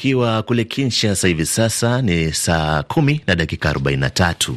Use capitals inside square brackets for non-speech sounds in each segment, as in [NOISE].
Ukiwa kule Kinshasa hivi sasa ni saa kumi na dakika tatu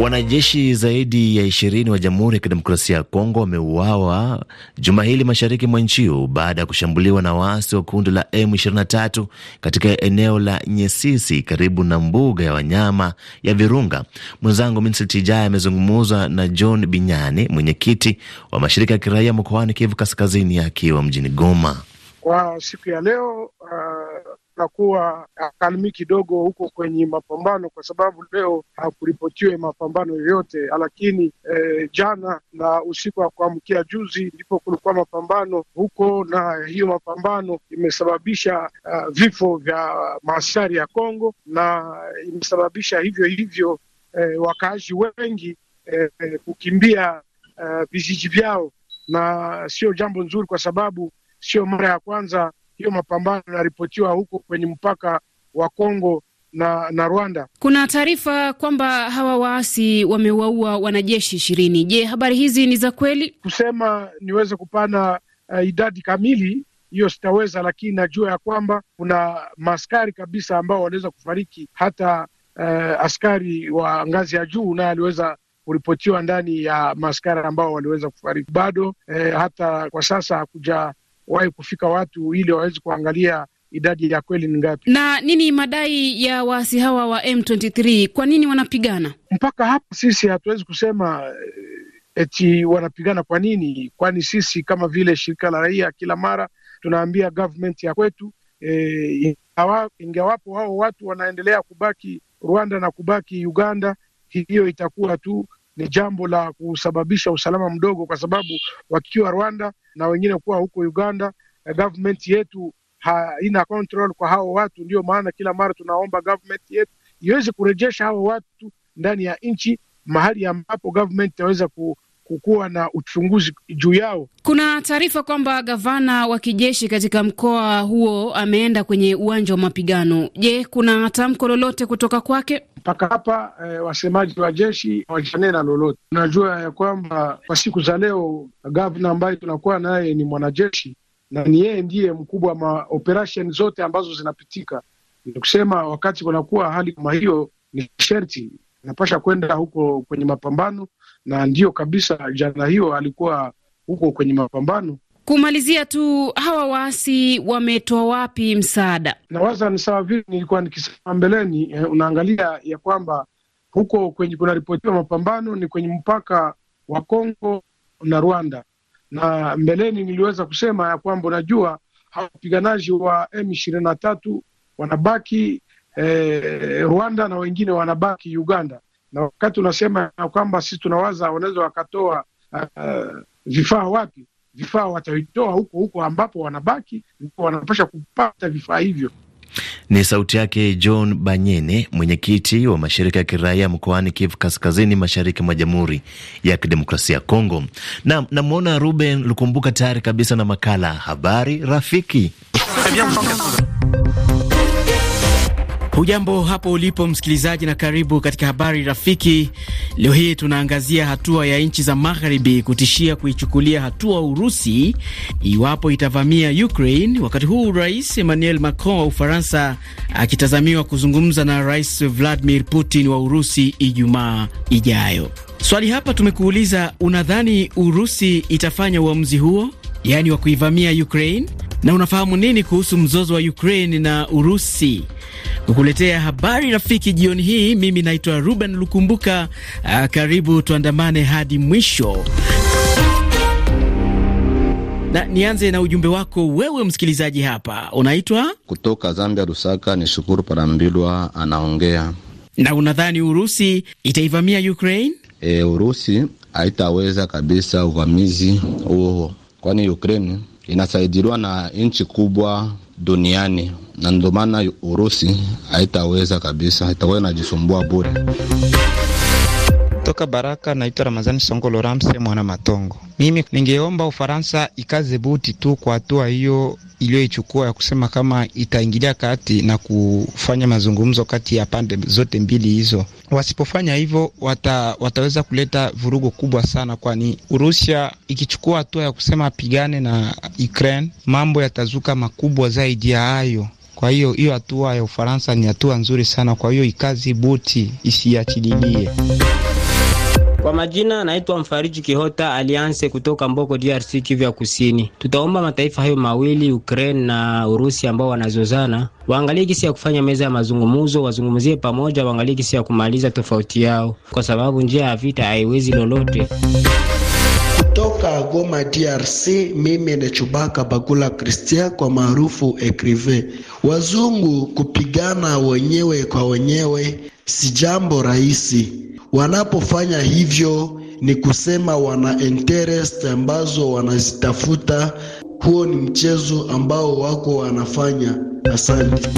Wanajeshi zaidi ya ishirini wa Jamhuri ya Kidemokrasia ya Kongo wameuawa juma hili mashariki mwa nchi hiyo baada ya kushambuliwa na waasi wa kundi la M23 katika eneo la Nyesisi karibu na mbuga ya wanyama ya Virunga. Mwenzangu Minsi amezungumuzwa na John Binyani, mwenyekiti wa mashirika ya kiraia mkoani Kivu Kaskazini, akiwa mjini Goma kwa siku ya leo. Uh pakakuwa akalmi kidogo huko kwenye mapambano, kwa sababu leo hakuripotiwe mapambano yoyote, lakini eh, jana na usiku wa kuamkia juzi ndipo kulikuwa mapambano huko, na hiyo mapambano imesababisha uh, vifo vya maaskari ya Kongo na imesababisha hivyo hivyo eh, wakaaji wengi eh, kukimbia eh, vijiji uh, vyao, na sio jambo nzuri, kwa sababu sio mara ya kwanza hiyo mapambano yanaripotiwa huko kwenye mpaka wa Kongo na, na Rwanda. Kuna taarifa kwamba hawa waasi wamewaua wanajeshi ishirini. Je, habari hizi ni za kweli? Kusema niweze kupana uh, idadi kamili hiyo sitaweza, lakini najua ya kwamba kuna maaskari kabisa ambao waliweza kufariki, hata uh, askari wa ngazi ya juu naye aliweza kuripotiwa ndani ya maaskari ambao waliweza kufariki. Bado eh, hata kwa sasa hakuja wahi kufika watu ili waweze kuangalia idadi ya kweli ni ngapi na nini madai ya waasi hawa wa M23. Kwa nini wanapigana? Mpaka hapa sisi hatuwezi kusema eh, eti wanapigana kwa nini, kwani sisi kama vile shirika la raia kila mara tunaambia government ya kwetu e, ingawapo hao watu wanaendelea kubaki Rwanda na kubaki Uganda, hiyo itakuwa tu ni jambo la kusababisha usalama mdogo, kwa sababu wakiwa Rwanda na wengine kuwa huko Uganda, eh, government yetu haina control kwa hao watu. ndio maana kila mara tunaomba government yetu iweze kurejesha hao watu ndani ya nchi, mahali ambapo government itaweza ku kukuwa na uchunguzi juu yao. Kuna taarifa kwamba gavana wa kijeshi katika mkoa huo ameenda kwenye uwanja wa mapigano. Je, kuna tamko lolote kutoka kwake? Mpaka hapa e, wasemaji wa jeshi hawajanena lolote. unajua ya kwamba kwa siku za leo gavana ambaye tunakuwa naye ni mwanajeshi na ni yeye ndiye mkubwa wa zote ambazo zinapitika. Ni kusema wakati kunakuwa hali kama hiyo, ni sherti anapasha kwenda huko kwenye mapambano, na ndiyo kabisa, jana hiyo alikuwa huko kwenye mapambano Kumalizia tu, hawa waasi wametoa wapi msaada? Nawaza ni sawa vile nilikuwa nikisema mbeleni, eh, unaangalia ya kwamba huko kwenye kuna mapambano ni kwenye mpaka wa Kongo na Rwanda, na mbeleni niliweza kusema ya kwamba unajua hawa wapiganaji wa M23 wanabaki eh, Rwanda na wengine wanabaki Uganda, na wakati unasema ya kwamba sisi tunawaza wanaweza wakatoa uh, vifaa wapi vifaa wataitoa huko huko ambapo wanabaki, wanapasha kupata vifaa hivyo. Ni sauti yake John Banyene, mwenyekiti wa mashirika ya kiraia mkoani Kivu Kaskazini, mashariki mwa Jamhuri ya Kidemokrasia ya Kongo. Na namwona Ruben Lukumbuka tayari kabisa na makala Habari Rafiki. Hujambo hapo ulipo msikilizaji, na karibu katika habari rafiki. Leo hii tunaangazia hatua ya nchi za magharibi kutishia kuichukulia hatua Urusi iwapo itavamia Ukraine, wakati huu Rais Emmanuel Macron wa Ufaransa akitazamiwa kuzungumza na Rais Vladimir Putin wa Urusi Ijumaa ijayo. Swali hapa tumekuuliza, unadhani Urusi itafanya uamuzi huo, yaani wa kuivamia Ukraine? na unafahamu nini kuhusu mzozo wa Ukraine na Urusi? Kukuletea habari rafiki jioni hii, mimi naitwa Ruben Lukumbuka. Ah, karibu tuandamane hadi mwisho. Na nianze na ujumbe wako wewe msikilizaji, hapa unaitwa kutoka Zambia, Lusaka. Ni Shukuru Parambilwa anaongea. Na unadhani Urusi itaivamia Ukraine? E, Urusi haitaweza kabisa uvamizi huo, kwani Ukraine inasaidiriwa na nchi kubwa duniani, na ndio maana Urusi haitaweza kabisa, itakuwa inajisumbua bure. Toka Baraka, naitwa Ramazani Songolo Ramse mwana Matongo. Mimi ningeomba Ufaransa ikaze buti tu kwa hatua hiyo iliyoichukua ya kusema kama itaingilia kati na kufanya mazungumzo kati ya pande zote mbili hizo. Wasipofanya hivyo, wata, wataweza kuleta vurugu kubwa sana, kwani Urusia ikichukua hatua ya kusema apigane na Ukraine, mambo yatazuka makubwa zaidi ya hayo. Kwa hiyo hiyo hatua ya Ufaransa ni hatua nzuri sana, kwa hiyo ikazi buti, isiachililie. Kwa majina naitwa Mfariji Kihota Alianse kutoka Mboko, DRC, Kivu ya Kusini. Tutaomba mataifa hayo mawili Ukraine na Urusi ambao wanazozana waangalie kisi ya kufanya meza ya mazungumuzo, wazungumzie pamoja, waangalie kisi ya kumaliza tofauti yao, kwa sababu njia ya vita haiwezi lolote. Kutoka Goma DRC, mimi ni Chubaka Bagula Christian kwa maarufu Ekrive. Wazungu kupigana wenyewe kwa wenyewe si jambo rahisi. Wanapofanya hivyo ni kusema wana interest ambazo wanazitafuta. Huo ni mchezo ambao wako wanafanya. Asante.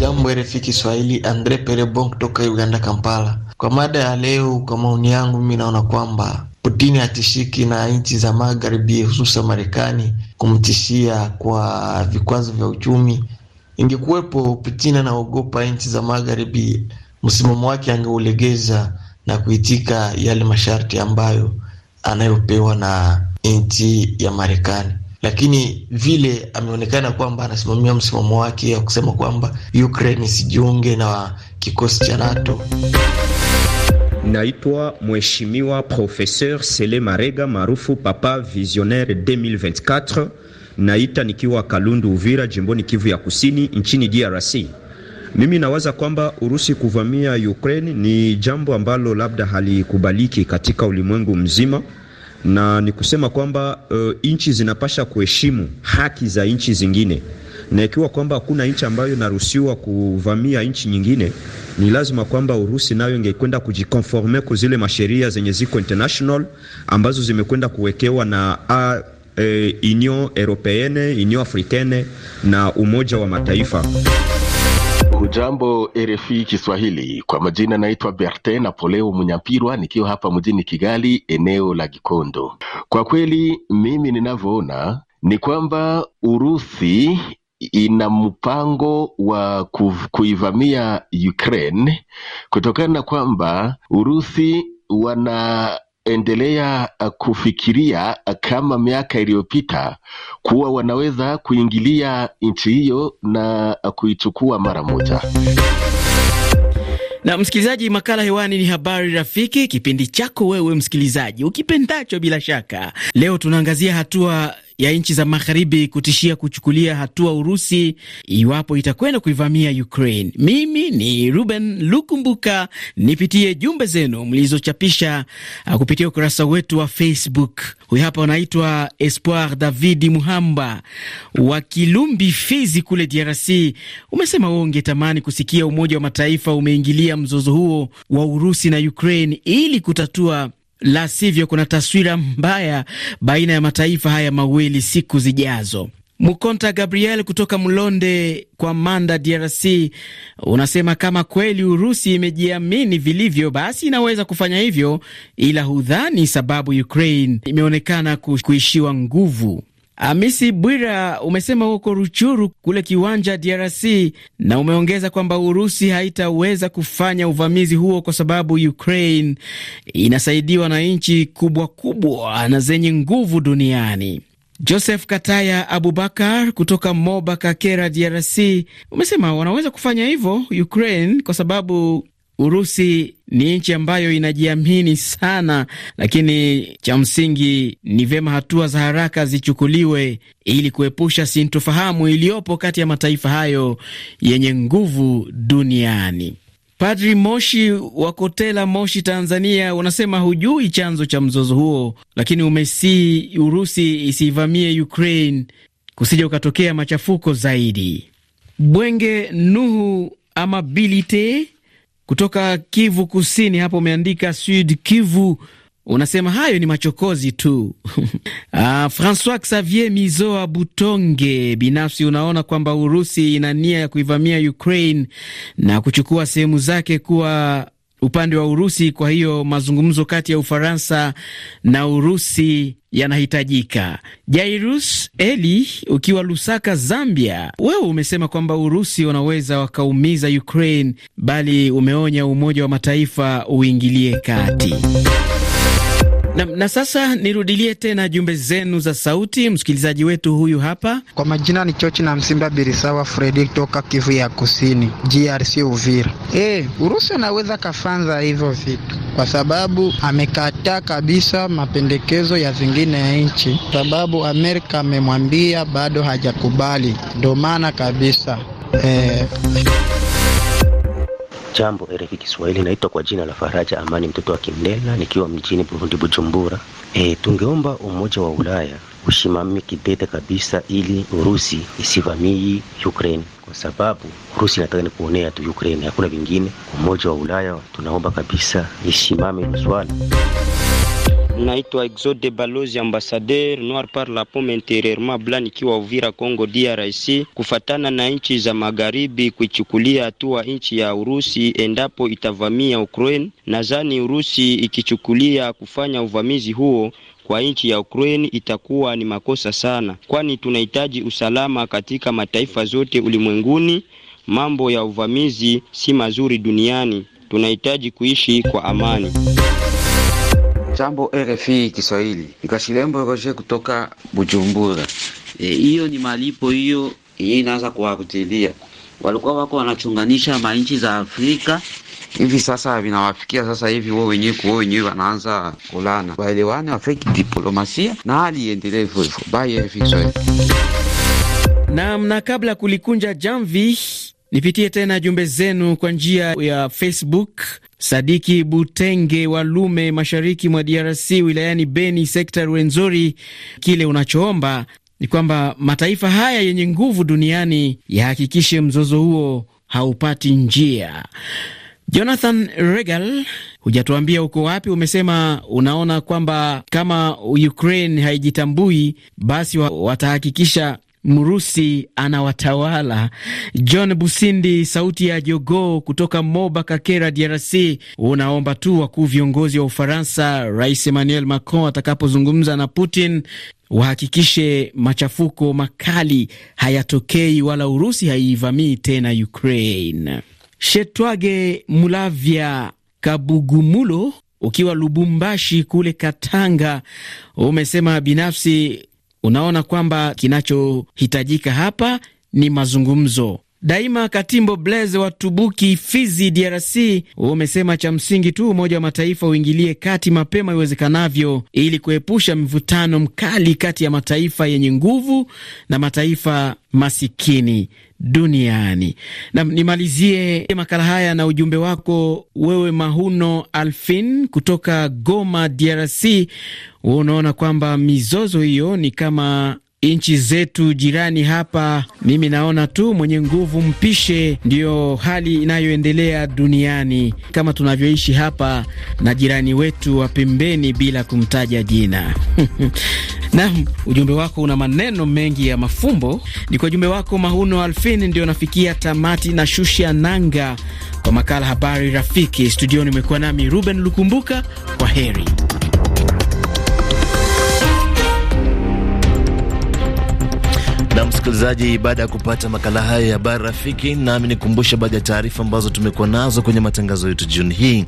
Jambo RFI Kiswahili, Andre Perebon kutoka Uganda, Kampala. Kwa mada ya leo, kwa maoni yangu mimi naona kwamba Putini hatishiki na nchi za magharibi, hususan Marekani kumtishia kwa vikwazo vya uchumi Ingekuwepo Putin anaogopa nchi za magharibi, msimamo wake angeulegeza na kuitika yale masharti ambayo anayopewa na nchi ya Marekani, lakini vile ameonekana kwamba anasimamia msimamo wake wa kusema kwamba Ukraine isijiunge na kikosi cha NATO. Naitwa Mheshimiwa Professeur Sele Marega maarufu Papa Visionnaire 2024 naita nikiwa Kalundu, Uvira, jimboni Kivu ya Kusini, nchini DRC. Mimi nawaza kwamba Urusi kuvamia Ukraine ni jambo ambalo labda halikubaliki katika ulimwengu mzima, na ni kusema kwamba uh, nchi zinapasha kuheshimu haki za nchi zingine, na ikiwa kwamba hakuna nchi ambayo inaruhusiwa kuvamia nchi nyingine, ni lazima kwamba Urusi nayo ingekwenda kujikonforme kwa zile masheria zenye ziko international ambazo zimekwenda kuwekewa na uh, eh, Union Europeenne, Union Africaine na Umoja wa Mataifa. ujambo RFI Kiswahili, kwa majina naitwa na Napoleo Munyampirwa, nikiwa hapa mjini Kigali, eneo la Gikondo. Kwa kweli mimi ninavyoona ni kwamba Urusi ina mpango wa kuivamia Ukraine kutokana na kwamba Urusi wana endelea uh, kufikiria uh, kama miaka iliyopita kuwa wanaweza kuingilia nchi hiyo na uh, kuichukua mara moja. Na msikilizaji, makala hewani ni habari rafiki, kipindi chako wewe msikilizaji ukipendacho. Bila shaka leo tunaangazia hatua ya nchi za magharibi kutishia kuchukulia hatua Urusi iwapo itakwenda kuivamia Ukraine. Mimi ni Ruben Lukumbuka, nipitie jumbe zenu mlizochapisha uh, kupitia ukurasa wetu wa Facebook. Huyu hapa wanaitwa Espoir David Muhamba wa Kilumbi, Fizi kule DRC. Umesema wewe ungetamani kusikia Umoja wa Mataifa umeingilia mzozo huo wa Urusi na Ukraine ili kutatua la sivyo kuna taswira mbaya baina ya mataifa haya mawili siku zijazo. Mukonta Gabriel kutoka Mlonde kwa Manda, DRC, unasema kama kweli Urusi imejiamini vilivyo, basi inaweza kufanya hivyo, ila hudhani sababu Ukraine imeonekana kuishiwa nguvu. Amisi ah, Bwira, umesema huko Ruchuru kule Kiwanja, DRC, na umeongeza kwamba Urusi haitaweza kufanya uvamizi huo kwa sababu Ukraine inasaidiwa na nchi kubwa kubwa na zenye nguvu duniani. Joseph Kataya Abubakar kutoka Moba Kakera, DRC, umesema wanaweza kufanya hivyo Ukraine kwa sababu Urusi ni nchi ambayo inajiamini sana, lakini cha msingi ni vyema hatua za haraka zichukuliwe ili kuepusha sintofahamu iliyopo kati ya mataifa hayo yenye nguvu duniani. Padri Moshi wa Kotela, Moshi, Tanzania, unasema hujui chanzo cha mzozo huo, lakini umesii Urusi isivamie Ukraine kusija ukatokea machafuko zaidi. Bwenge Nuhu ama Bilite kutoka Kivu Kusini, hapo umeandika Sud Kivu, unasema hayo ni machokozi tu. [LAUGHS] Ah, Francois Xavier Mizoa Butonge, binafsi unaona kwamba Urusi ina nia ya kuivamia Ukraine na kuchukua sehemu zake kuwa upande wa Urusi. Kwa hiyo mazungumzo kati ya Ufaransa na Urusi yanahitajika. Jairus Eli, ukiwa Lusaka, Zambia, wewe umesema kwamba Urusi wanaweza wakaumiza Ukraine, bali umeonya Umoja wa Mataifa uingilie kati. Na, na sasa nirudilie tena jumbe zenu za sauti. Msikilizaji wetu huyu hapa, kwa majina ni Chochi na Msimba Birisawa Fredi toka Kivu ya Kusini, GRC Uvira. E, Urusi anaweza kafanza hivyo vitu kwa sababu amekataa kabisa mapendekezo ya zingine ya nchi, sababu Amerika amemwambia bado hajakubali, ndo maana kabisa e. Jambo RFI Kiswahili, naitwa kwa jina la Faraja Amani, mtoto wa Kindela, nikiwa mjini Burundi, Bujumbura. E, tungeomba Umoja wa Ulaya ushimame kidete kabisa, ili Urusi isivamii Ukraine kwa sababu Urusi inataka ni kuonea tu Ukraine, hakuna vingine. Umoja wa Ulaya tunaomba kabisa ishimame swala Naitwa Exode balozi ambassadeur noir par la pomme intérieurement blanc, ikiwa Uvira Congo DRC. Kufatana na nchi za magharibi kuichukulia hatua nchi ya Urusi endapo itavamia Ukraine, nadhani Urusi ikichukulia kufanya uvamizi huo kwa nchi ya Ukraine itakuwa ni makosa sana, kwani tunahitaji usalama katika mataifa zote ulimwenguni. Mambo ya uvamizi si mazuri duniani, tunahitaji kuishi kwa amani. Jambo RFI Kiswahili, Nikashilembo Roger kutoka Bujumbura. E, hiyo e, ni malipo hiyo yenye inaanza kuwakutilia walikuwa wako wanachunganisha manchi za Afrika hivi sasa vinawafikia sasa hivi, wao wenyewe kwa wenyewe wanaanza kulana, waelewane, wafeki diplomasia na hali iendelee hivyo hivyo. Bye RFI Kiswahili. Naam, na kabla kulikunja jamvi Nipitie tena jumbe zenu kwa njia ya Facebook. Sadiki Butenge wa Lume, mashariki mwa DRC, wilayani Beni, sekta Rwenzori, kile unachoomba ni kwamba mataifa haya yenye nguvu duniani yahakikishe mzozo huo haupati njia. Jonathan Regal, hujatuambia uko wapi. Umesema unaona kwamba kama Ukraine haijitambui basi watahakikisha Mrusi anawatawala. John Busindi, sauti ya jogo kutoka Moba Kakera, DRC, unaomba tu wakuu viongozi wa Ufaransa, Rais Emmanuel Macron atakapozungumza na Putin wahakikishe machafuko makali hayatokei wala Urusi haivamii tena Ukraine. Shetwage Mulavya Kabugumulo ukiwa Lubumbashi kule Katanga, umesema binafsi unaona kwamba kinachohitajika hapa ni mazungumzo. Daima Katimbo Blaise wa Tubuki, Fizi, DRC, umesema cha msingi tu Umoja wa Mataifa uingilie kati mapema iwezekanavyo ili kuepusha mvutano mkali kati ya mataifa yenye nguvu na mataifa masikini duniani. Na nimalizie makala haya na ujumbe wako wewe, Mahuno Alfin kutoka Goma, DRC. Unaona kwamba mizozo hiyo ni kama nchi zetu jirani hapa, mimi naona tu mwenye nguvu mpishe. Ndiyo hali inayoendelea duniani kama tunavyoishi hapa na jirani wetu wa pembeni, bila kumtaja jina [LAUGHS] Nam, ujumbe wako una maneno mengi ya mafumbo. Ni kwa ujumbe wako Mahuno Alfin ndio nafikia tamati na shusha nanga kwa makala Habari Rafiki. Studioni umekuwa nami Ruben Lukumbuka, kwa heri. msikilizaji, baada ya kupata makala haya ya habari rafiki, nami nikumbusha baadhi ya taarifa ambazo tumekuwa nazo kwenye matangazo yetu jioni hii.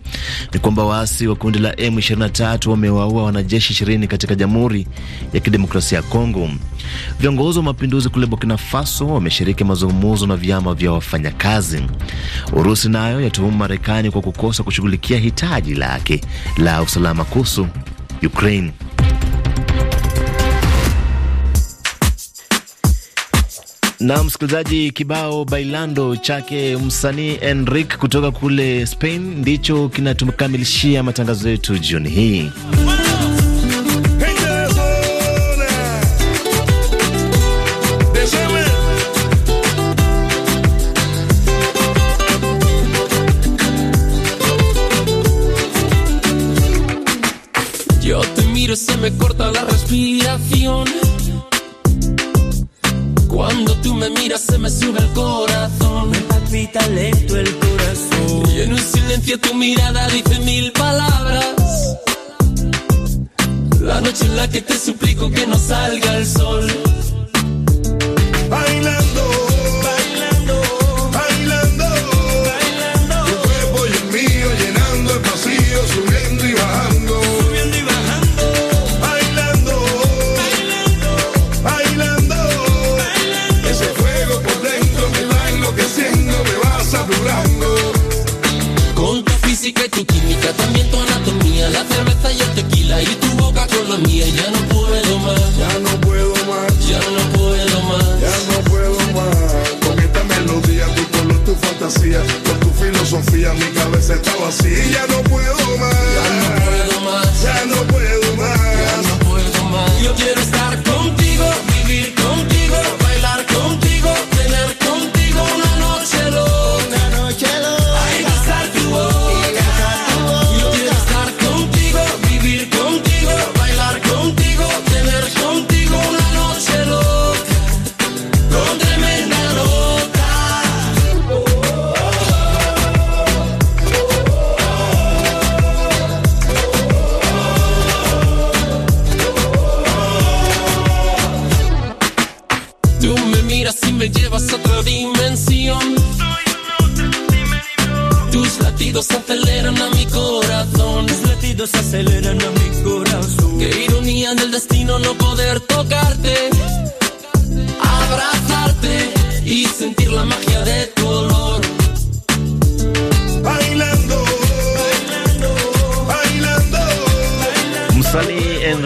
Ni kwamba waasi wa kundi la M23 wamewaua wanajeshi ishirini katika Jamhuri ya Kidemokrasia ya Kongo. Viongozi wa mapinduzi kule Burkina Faso wameshiriki mazungumzo na vyama vya wafanyakazi. Urusi nayo yatuhumu Marekani kwa kukosa kushughulikia hitaji lake la usalama kuhusu Ukraine. Na msikilizaji, kibao bailando chake msanii Enric kutoka kule Spain ndicho kinatukamilishia matangazo yetu jioni hii. Yo te miro, se me corta la respiración Cuando tú me miras se me sube el corazón. Me palpita lento el corazón. Y en un silencio tu mirada dice mil palabras. La noche en la que te suplico que no salga el sol. Baila llevas a otra dimensión. Tus latidos aceleran a mi corazón. Tus latidos aceleran a mi corazón. Qué ironía del destino no poder tocarte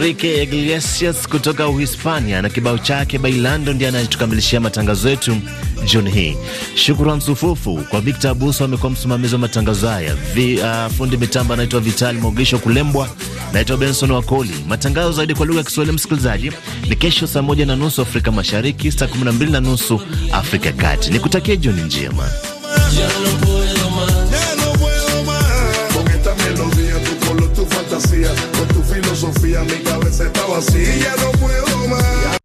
Enrique Iglesias kutoka Uhispania na kibao chake Bailando ndiye anayetukamilishia matangazo yetu jioni hii. Shukrani msufufu kwa Victor Abuso, amekuwa msimamizi wa matangazo haya. Uh, fundi mitambo anaitwa Vitali Mogisho Kulembwa, naitwa Benson Wakoli. Matangazo zaidi kwa lugha ya Kiswahili, msikilizaji, ni kesho saa moja na nusu Afrika Mashariki, saa kumi na mbili na nusu Afrika Kati. Nikutakie jioni njema. cabeza así, ya no puedo más.